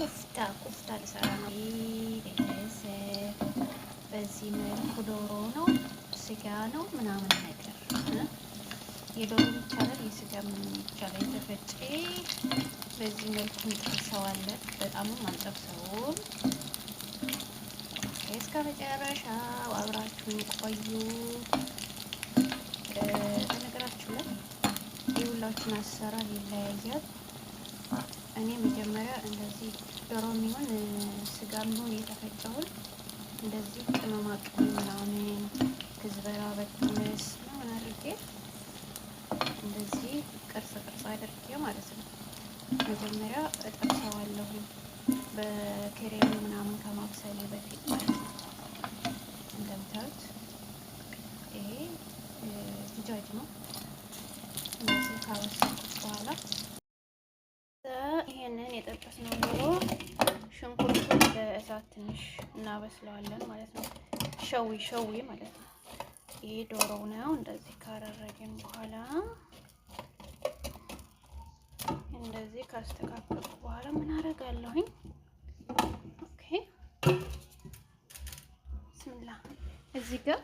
ኮፍታ ኮፍታ ልሰራ ነው። ቤተሰብ በዚህ መልኩ ዶሮ ነው ስጋ ነው ምናምን ነገር የዶሮ ብቻ የስጋ የስጋ ብቻ የተፈጨ በዚህ መልኩ እንጠብሰዋለን። በጣምም አንጠብሰውም። እስከ መጨረሻው አብራችሁ ቆዩ። በነገራችሁ ላይ የሁላችን አሰራር ይለያያል። እኔ መጀመሪያ እንደዚህ ዶሮ የሚሆን ስጋ የሚሆን የተፈጨውን እንደዚህ ቅመማ ቅመም ምናምን ክዝበራ በትምስ ምናምን አድርጌ እንደዚህ ቅርጽ ቅርጽ አድርጌ ማለት ነው። መጀመሪያ እጠብሰዋለሁኝ በክሬም ምናምን ከማብሰሌ በፊት ማለት ነው። እንደምታዩት ይሄ ዝጃጅ ነው። እንደዚህ ካበሰ ይህንን የጠበስነው ዶሮ ሽንኩርቱን በእሳት ትንሽ እናበስለዋለን ማለት ነው። ሸዊ ሸዊ ማለት ነው። ይሄ ዶሮው ነው። እንደዚህ ካረረግን በኋላ እንደዚህ ካስተካከልኩ በኋላ ምን አደርጋለሁኝ? ኦኬ ብስሚላ እዚህ ጋር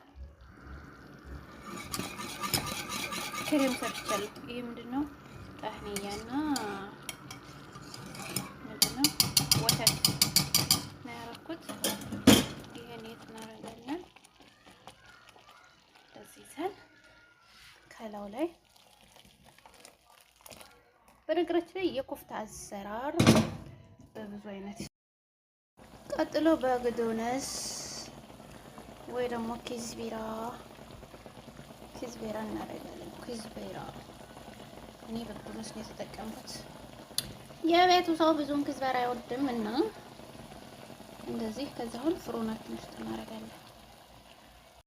ክሬም ሰርቻለሁ። ምንድን ነው? ይዘን ከላው ላይ በነገራችን ላይ የኮፍታ አሰራር በብዙ አይነት ቀጥሎ በግዶነስ ወይ ደግሞ ኪዝቢራ ኪዝቢራ እናደርጋለን። ኪዝቢራ እኔ በግዶነስ ነው የተጠቀምኩት። የቤቱ ሰው ብዙም ኪዝቢራ አይወድም እና እንደዚህ ከዛ አሁን ፍሩናችን ውስጥ እናደርጋለን።